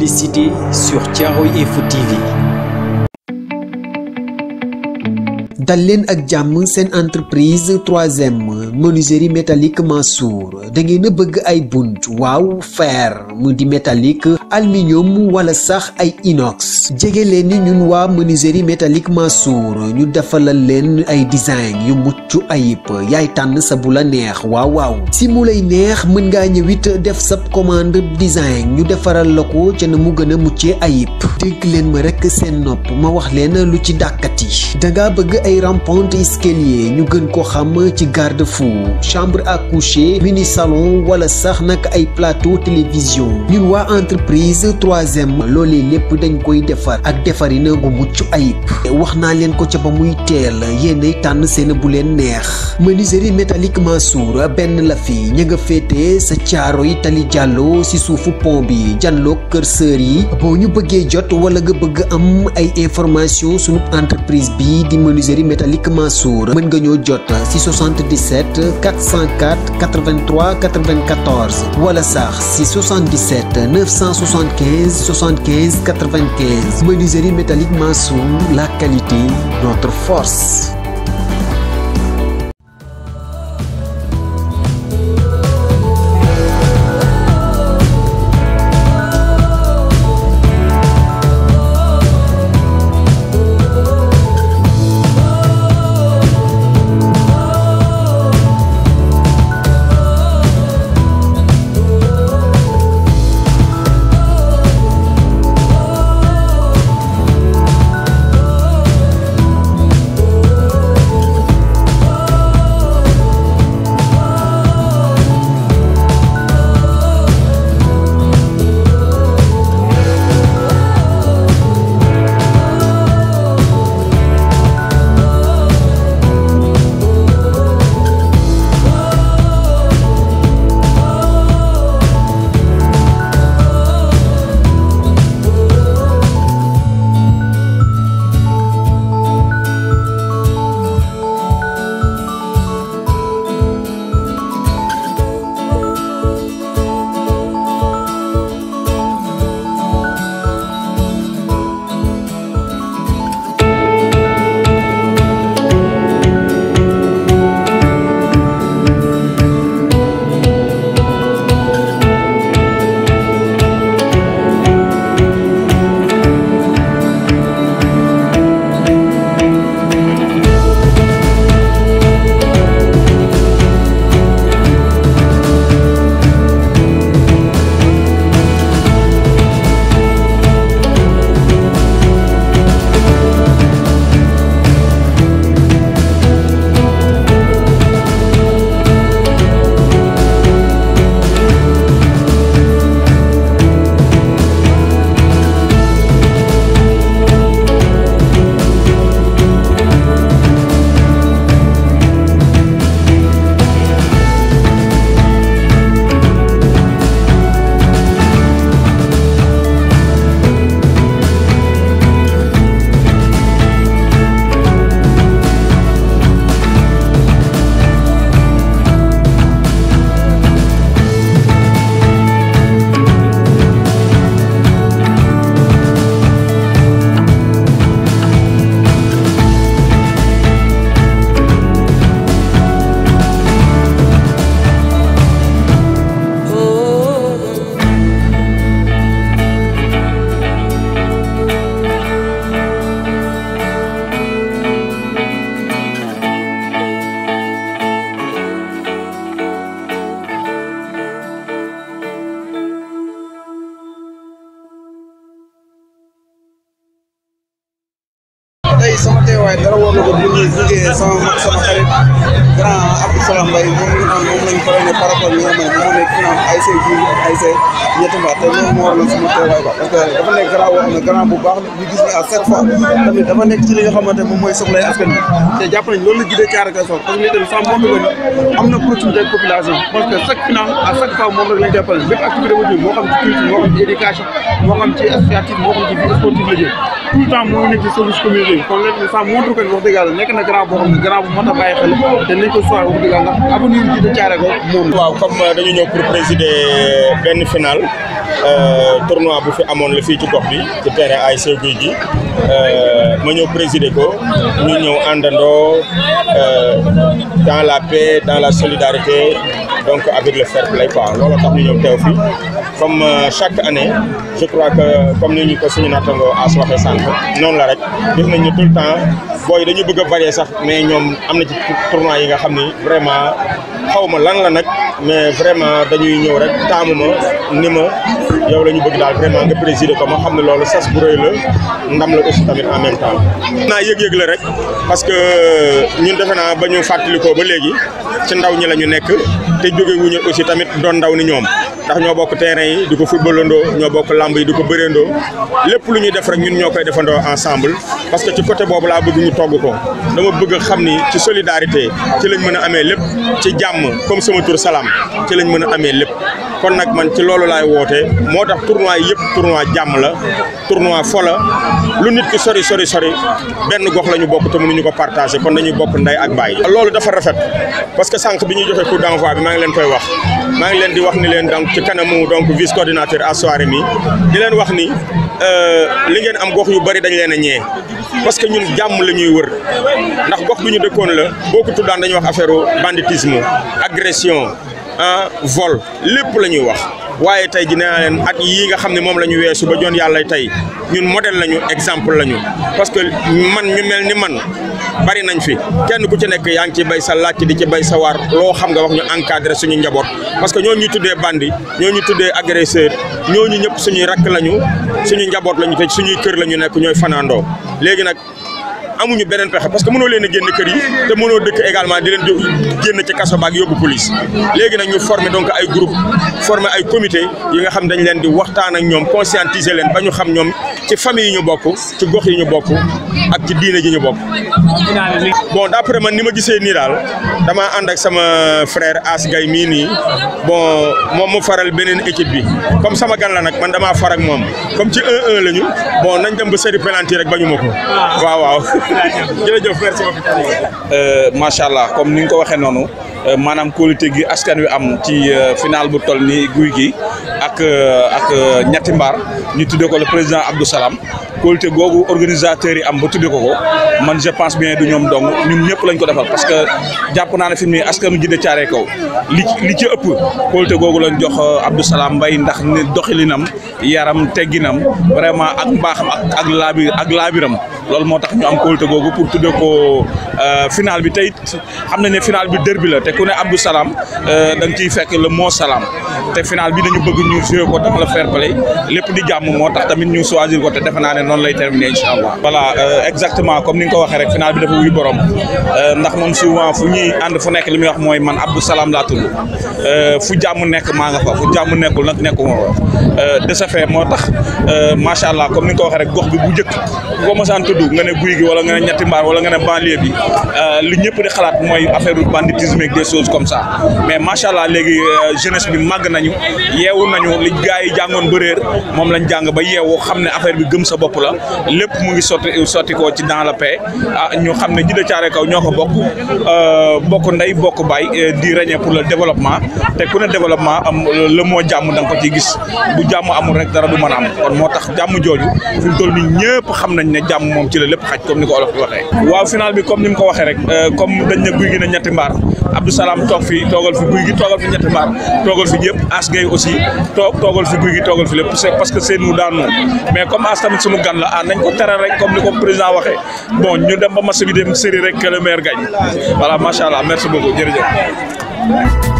publicité sur Tiaroy Info TV. dal ak jam sen entreprise troisième menuiserie métallique Mansour da ngay a bëgg ay bunt waaw fer mu di métallique aluminium wala sax ay inox jege leen ni ñun waa menuiserie métallique Mansour ñu defalal leen ay design yu muccu ayib yaay tànn sa bu la neex waaw waaw si mu lay neex mën ngaa ñëwit def sab commande design ñu defaral la ko ca na mu gën a muccee ayib dégg leen ma rek seen nopp ma wax leen lu ci dàkkati danga bëgg ay ay rampante escalier ñu gën ko xam ci garde fou chambre à coucher mini salon wala sax nak ay plateau télévision ñu wa entreprise 3e lolé lepp dañ koy défar ak defarina gu muccu ayib wax na len ko ci ba muy teel yéenay tan seen bu len neex menuiserie métallique mansour ben la fi ñinga fété sa caaro yi tali jàllo ci soufu pont bi jàlloo keur sœur yi bo ñu bëggé jot wala nga bëgg am ay information suñu entreprise bi di menuiserie métallique Mansour mën 404 83 94 Walassar 677 975 75 95 menuiserie métallique Mansour la qualité notre force. tey sama teewaay dara woon na ko bu ñuy jugee sama mag sama xarit grand Abdou Salam Mbaye moom la ñu am moom la ñu faral par rapport li nga xam ne moo nekk ñu naan ASC ji ak ASC ñetti mbaa tey loolu moo waral sama teewaay ba parce que dafa nekk grand boo xam ne grand bu baax la ñu gis ne à chaque fois tamit dafa nekk ci li nga xamante moom mooy soxlay askan bi te jàpp nañ loolu la jiite caara kay soxla parce que lii tamit sans moom la am na proximité population parce que chaque finance à chaque fois moom rek la ñu jàppale bépp activité bu moo xam ci culture moo xam ci éducation moo xam ci associative moo xam ci vie sportive la jël tout le temps moo nekk ci service communauté kon léegi ça nekk na grand boo xam ne grand bu mot a bàyyi xel te nañ ko soxla euh, dañu ñëw pour présider euh, benn finale euh, tournoi bu fi amoon la fii ci gox bi ci ay ASC Gouye Gui ma ñëw présider ko ñu ñëw àndandoo dans la paix dans la solidarité donc avec le fair play quoi looloo tax ñëw teew fii comme euh, chaque année je crois que comme nous, ñu ko suñu nattangoo as waxee sànq noonu la rek tout le temps nous dañu bëgg a varier sax mais nous avons des ci tournoi yi nga vraiment xaw ma lan la nag mais vraiment dañuy ñëw rek taamu ma ni ma yow la ñu bëgg daal vraiment nga présider ko ma xam ne loolu sas bu rëy la ndam la aussi tamit en même temps. naa yëg-yëg la rek parce que euh, ñun defe naa ba ñu fàttalikoo ba léegi ci ndaw ñi la ñu nekk te jóge wuñu aussi tamit doon ndaw ni ñoom. ndax ñoo bokk terrain di ko footballandoo ñoo bokk lamb di ko bëreendoo lépp lu ñuy def rek ñun ñoo koy defandoo ensemble parce que ci côté boobu laa bëgg ñu togg ko dama bëgg xam ni ci solidarité ci lañ mën a amee lépp ci jàmm. jàmm comme sama tur salaam ci lañ mën a amee lépp kon nag man ci loolu laay woote moo tax tournoi yëpp tournoi jàmm la tournoi fo la lu nit ki sori sori sori benn gox la ñu bokk te ñu ko partagé kon dañuy bokk ndey ak baay. loolu dafa rafet parce que sànq bi ñuy joxe coup d'envoi bi maa ngi leen koy wax maa ngi leen di wax ni leen donc ci kanamu donc vice coordinateur à soirée mi di leen wax ni euh, li ngeen am gox yu bari dañ leen a ñee. parce que nous sommes le wër ndax beaucoup de ñu banditisme agression Euh, vol lépp la ñuy wax waaye tey ji nee naa leen at yii nga xam ne moom la ñu weesu ba joon yàlla tey ñun model lañu exemple lañu parce que man ñu mel ni man bari nañ fi kenn ku ci nekk yaa ngi ci bay sa laajte di ci bay sa waar loo xam nga wax ñu encadré suñu njaboot parce que ñoo ñu tuddee bandi ñoo ñu tuddee agresseur ñooñu ñëpp suñuy rakk lañu suñu njaboot lañu te suñuy kër lañu nekk ñooy fanaandoo léegi nag amuñu benen pexe parce que mëno leen a kër yi té mëno dëkk également di leen génn ci kasso baak yobbu police légui nak ñu former donc ay groupe former ay comité yi nga xam dañ leen di waxtaan ak ñom conscientiser leen ba ñu xam ñom ci famille yi ñu bokku ci gox yi ñu bokku ak ci diiné ji ñu bokku bon d'après man nima gisé ni dal dama and ak sama frère As Gay mii nii bon mom mu faral benen équipe bi comme sama gan la nak man dama far ak mom comme ci 1-1 lañu bon nañ dem ba séri penalty rek bañu mako ah. waaw waaw jërëjëf merci beaucoup. Euh, macha allah comme ni nga ko waxee noonu euh, maanaam qualité gi askan wi am ci euh, final bu toll ni guy gi ak ak ñetti mbaar ñu tuddee ko le président Abdou Salam qualité googu organisateurs yi am ba tuddee ko ko man je pense bien du ñoom dong ñun ñëpp lañ ko defal parce que jàpp naane fi mu ne askan wi ji de caaree kaw li li ci ëpp qualité googu lañ jox Abdou Salam Mbaye ndax ne doxilinam yaram tegginam vraiment ak mbaaxam ak ak laabi ak laabiram. loolu moo tax ñu am kóolute googu pour tuddee ko euh, final bi tey xam nañ ne final bi dër bi la te ku ne Abdou Salam euh, da nga ciy fekk la moo salaam te final bi dañu bëgg ñu jouer ko dans le fair play lépp di jàmm moo tax tamit ñu choisir ko te defe naa ne noonu lay terminer incha allah. voilà euh, exactement comme ni nga ko waxee rek final bi dafa wuy borom ndax moom souvent fu ñuy ànd fu nekk li muy wax mooy man Abdou Salam laa tudd fu jàmm nekk maa nga fa fu jàmm nekkul nag nekkuma fa de ce fait moo tax macha allah comme ni ko waxee rek gox bi bu jëkk tudd nga ne guy gi wala nga ne ñetti mbaar wala nga ne banlieue bi euh, li ñëpp di xalaat mooy affaire banditisme ak des comme ça mais macha allah léegi euh, jeunesse bi màgg nañu yeewu nañu li gars yi jàngoon ba réer moom lañ jàng ba yeewu xam ne affaire bi gëm sa bopp la lépp mu ngi soti sotti ko ci dans la paix ah ñu xam ne Djiddah caaree Kaw ñoo ko bokk euh, bokk ndey bokk baay di régner pour le développement te ku ne développement am le mot jàmm danga ko ci gis bu jàmm amul rek dara du mën a am kon moo tax jàmm jooju ci la lépp xaj comme ni ko olof di waxee waaw final bi comme ni mu ko waxee rek euh, comme dañ na guy gi na ñetti mbaar Abdou Salam toog fi toogal fi guy gi toogal fi lépp c'est parce que c'est nous dans nous mais comme As tamit suñu gan la ah nañ ko tere rek comme ni ko président waxee bon ñu dem ba match bi dem série rek que le maire gagne allah merci beaucoup jërëjëf